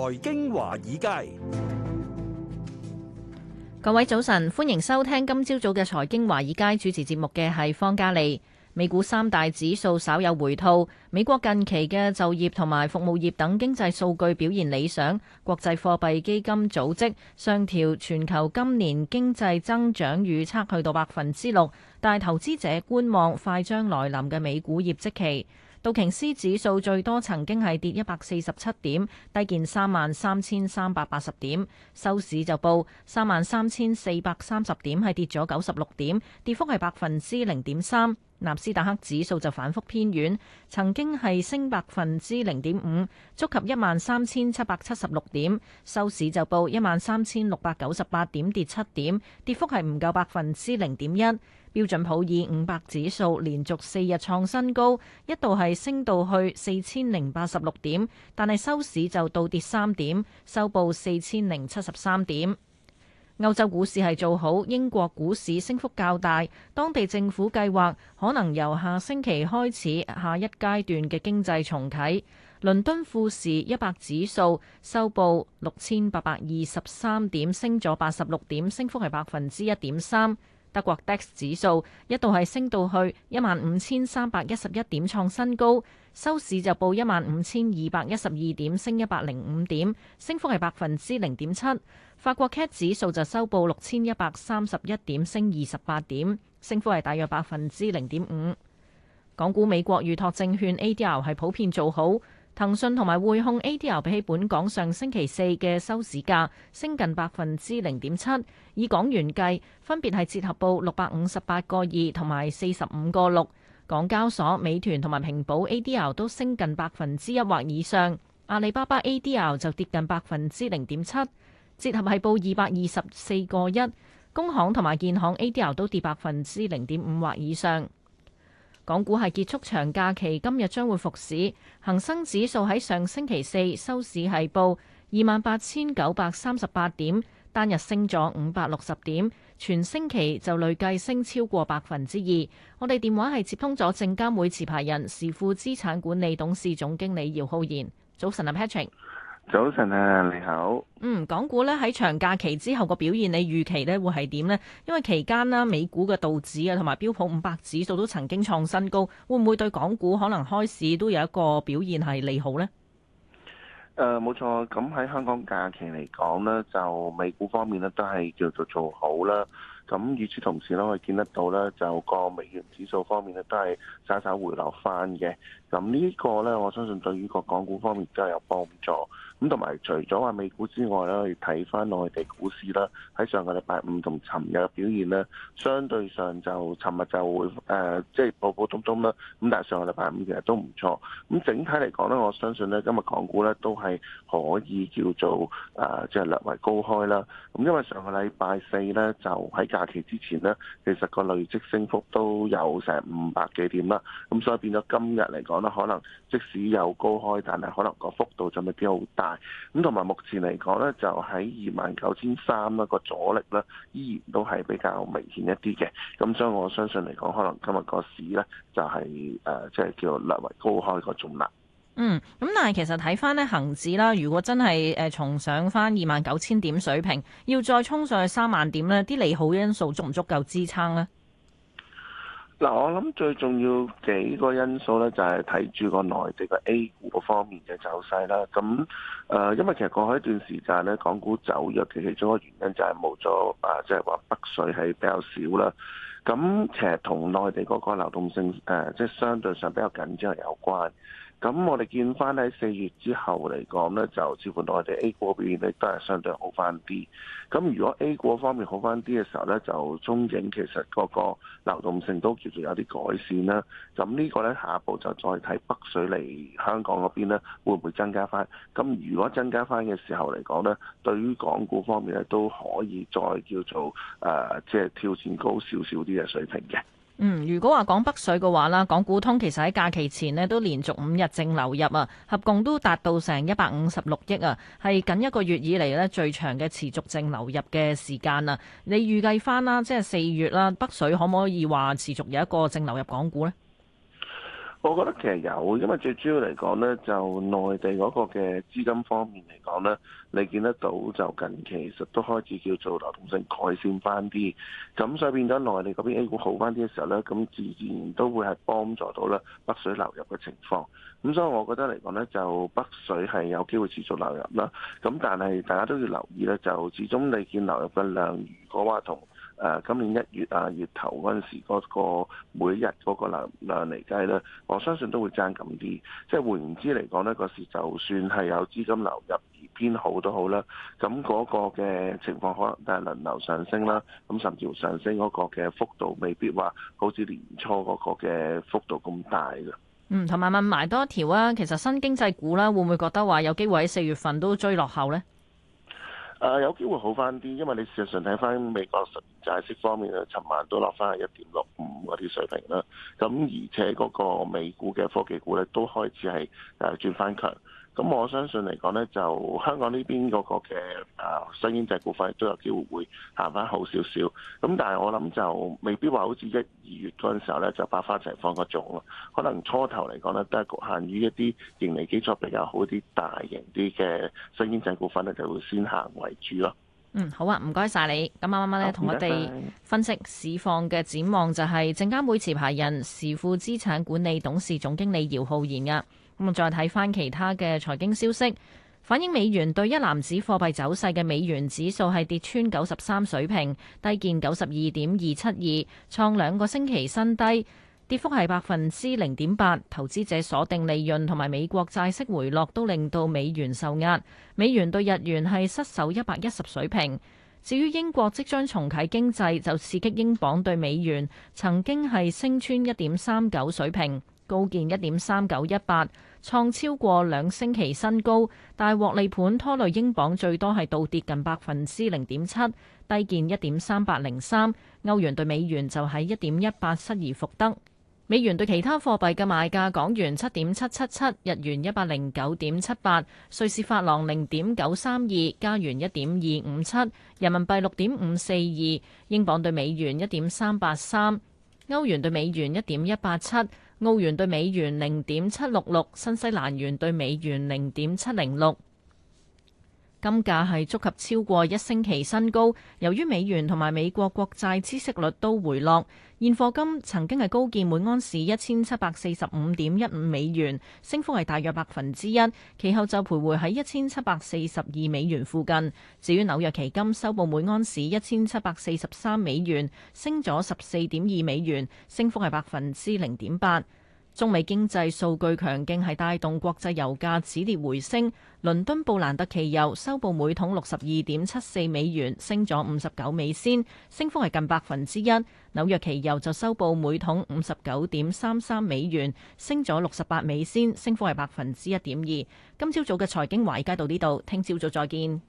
財經華爾街，各位早晨，歡迎收聽今朝早嘅財經華爾街主持節目嘅係方嘉利，美股三大指數稍有回吐，美國近期嘅就業同埋服務業等經濟數據表現理想。國際貨幣基金組織上調全球今年經濟增長預測去到百分之六，但投資者觀望快將來臨嘅美股業績期。道瓊斯指數最多曾經係跌一百四十七點，低見三萬三千三百八十點，收市就報三萬三千四百三十點，係跌咗九十六點，跌幅係百分之零點三。納斯達克指數就反覆偏軟，曾經係升百分之零點五，觸及一萬三千七百七十六點，收市就報一萬三千六百九十八點，跌七點，跌幅係唔夠百分之零點一。標準普爾五百指數連續四日創新高，一度係升到去四千零八十六點，但係收市就倒跌三點，收報四千零七十三點。歐洲股市係做好，英國股市升幅較大，當地政府計劃可能由下星期開始下一階段嘅經濟重啟。倫敦富時一百指數收報六千八百二十三點，升咗八十六點，升幅係百分之一點三。德國 DAX 指數一度係升到去一萬五千三百一十一點，創新高，收市就報一萬五千二百一十二點，升一百零五點，升幅係百分之零點七。法國 CAC 指數就收報六千一百三十一點，升二十八點，升幅係大約百分之零點五。港股美國預託證券 ADR 係普遍做好。騰訊同埋匯控 ADR 比起本港上星期四嘅收市價升近百分之零點七，以港元計分別係折合報六百五十八個二同埋四十五個六。港交所美團同埋平保 ADR 都升近百分之一或以上，阿里巴巴 ADR 就跌近百分之零點七，折合係報二百二十四個一。工行同埋建行 ADR 都跌百分之零點五或以上。港股係結束長假期，今日將會復市。恆生指數喺上星期四收市係報二萬八千九百三十八點，單日升咗五百六十點，全星期就累計升超過百分之二。我哋電話係接通咗證監會持牌人時富資產管理董事總經理姚浩然。早晨啊，Patrick。早晨啊，你好。嗯，港股咧喺長假期之後個表現，你預期咧會係點呢？因為期間啦，美股嘅道指啊，同埋標普五百指數都曾經創新高，會唔會對港股可能開市都有一個表現係利好呢？誒、呃，冇錯。咁喺香港假期嚟講咧，就美股方面咧都係叫做做好啦。咁，與此同時咧，我見得到咧，就個美元指數方面咧，都係稍稍回落翻嘅。咁呢個咧，我相信對於個港股方面都係有幫助。咁同埋，除咗話美股之外咧，我要睇翻內地股市啦。喺上個禮拜五同尋日嘅表現咧，相對上就尋日就會誒，即係普普通通啦。咁、就是、但係上個禮拜五其實都唔錯。咁整體嚟講咧，我相信咧，今日港股咧都係可以叫做誒，即、呃、係、就是、略為高開啦。咁因為上個禮拜四咧，就喺假期之前呢，其實個累積升幅都有成五百幾點啦，咁所以變咗今日嚟講呢，可能即使有高開，但係可能個幅度就未必好大。咁同埋目前嚟講呢，就喺二萬九千三一個阻力呢，依然都係比較明顯一啲嘅。咁所以我相信嚟講，可能今日個市呢，就係、是、誒，即、就、係、是、叫略為高開個種啦。嗯，咁但係其實睇翻咧恒指啦，如果真係誒重上翻二萬九千點水平，要再衝上去三萬點咧，啲利好因素足唔足夠支撐咧？嗱、嗯，我諗最重要幾個因素咧，就係睇住個內地嘅 A 股方面嘅走勢啦。咁誒、呃，因為其實過去一段時間咧，港股走弱嘅其中一個原因就係冇咗誒，即係話北水係比較少啦。咁其實同內地嗰個流動性誒、啊，即係相對上比較緊張有關。咁我哋見翻喺四月之後嚟講咧，就包括我哋 A 股嗰邊咧都係相對好翻啲。咁如果 A 股方面好翻啲嘅時候咧，就中影其實個個流動性都叫做有啲改善啦。咁呢個咧下一步就再睇北水嚟香港嗰邊咧會唔會增加翻？咁如果增加翻嘅時候嚟講咧，對於港股方面咧都可以再叫做誒，即、呃、係、就是、跳先高少少啲嘅水平嘅。嗯，如果話講北水嘅話啦，港股通其實喺假期前咧都連續五日淨流入啊，合共都達到成一百五十六億啊，係近一個月以嚟咧最長嘅持續淨流入嘅時間啊。你預計返啦，即係四月啦，北水可唔可以話持續有一個淨流入港股呢？我覺得其實有，因為最主要嚟講咧，就內地嗰個嘅資金方面嚟講咧，你見得到就近期其實都開始叫做流動性改善翻啲，咁所以變咗內地嗰邊 A 股好翻啲嘅時候咧，咁自然都會係幫助到咧北水流入嘅情況。咁所以我覺得嚟講咧，就北水係有機會持續流入啦。咁但係大家都要留意咧，就始終你見流入嘅量如果話同，誒今年一月啊，月頭嗰陣時，嗰個每日嗰個量量嚟計咧，我相信都會爭咁啲，即係換言之嚟講呢，嗰時就算係有資金流入而偏好都好啦，咁嗰個嘅情況可能都係輪流上升啦，咁甚至乎上升嗰個嘅幅度未必話好似年初嗰個嘅幅度咁大㗎。嗯，同埋問埋多一條啊，其實新經濟股咧、啊，會唔會覺得話有機會喺四月份都追落後呢？誒有機會好翻啲，因為你事實上睇翻美國十年債息方面啊，尋晚都落翻係一點六五嗰啲水平啦。咁而且嗰個美股嘅科技股咧都開始係誒轉翻強。咁我相信嚟講咧，就香港呢邊嗰個嘅啊新經濟股份都有機會會行翻好少少。咁但係我諗就未必話好似一二月嗰陣時候咧就百花齊放嗰種咯。可能初頭嚟講咧都係侷限於一啲盈利基礎比較好啲、大型啲嘅新經濟股份咧就會先行為主咯。嗯，好啊，唔該晒你。咁啱啱咧同我哋分析市況嘅展望，就係證監會持牌人時富資產管理董事總經理姚浩然㗎。咁再睇翻其他嘅財經消息，反映美元對一籃子貨幣走勢嘅美元指數係跌穿九十三水平，低見九十二點二七二，創兩個星期新低，跌幅係百分之零點八。投資者鎖定利潤同埋美國債息回落都令到美元受壓。美元對日元係失守一百一十水平。至於英國即將重啟經濟，就刺激英鎊兌美元曾經係升穿一點三九水平，高見一點三九一八。創超過兩星期新高，大獲利盤拖累英鎊最多係倒跌近百分之零點七，低見一點三八零三。歐元對美元就喺一點一八七失而復得。美元對其他貨幣嘅賣價：港元七點七七七，日元一百零九點七八，瑞士法郎零點九三二，加元一點二五七，人民幣六點五四二，英鎊對美元一點三八三，歐元對美元一點一八七。澳元兌美元零點七六六，新西蘭元兌美元零點七零六。金價係觸及超過一星期新高，由於美元同埋美國國債孳息率都回落，現貨金曾經係高見每安士一千七百四十五點一五美元，升幅係大約百分之一，其後就徘徊喺一千七百四十二美元附近。至於紐約期金收報每安士一千七百四十三美元，升咗十四點二美元，升幅係百分之零點八。中美經濟數據強勁，係帶動國際油價止跌回升。倫敦布蘭特期油收報每桶六十二點七四美元，升咗五十九美仙，升幅係近百分之一。紐約期油就收報每桶五十九點三三美元，升咗六十八美仙，升幅係百分之一點二。今朝早嘅財經華爾街就到呢度，聽朝早，早再見。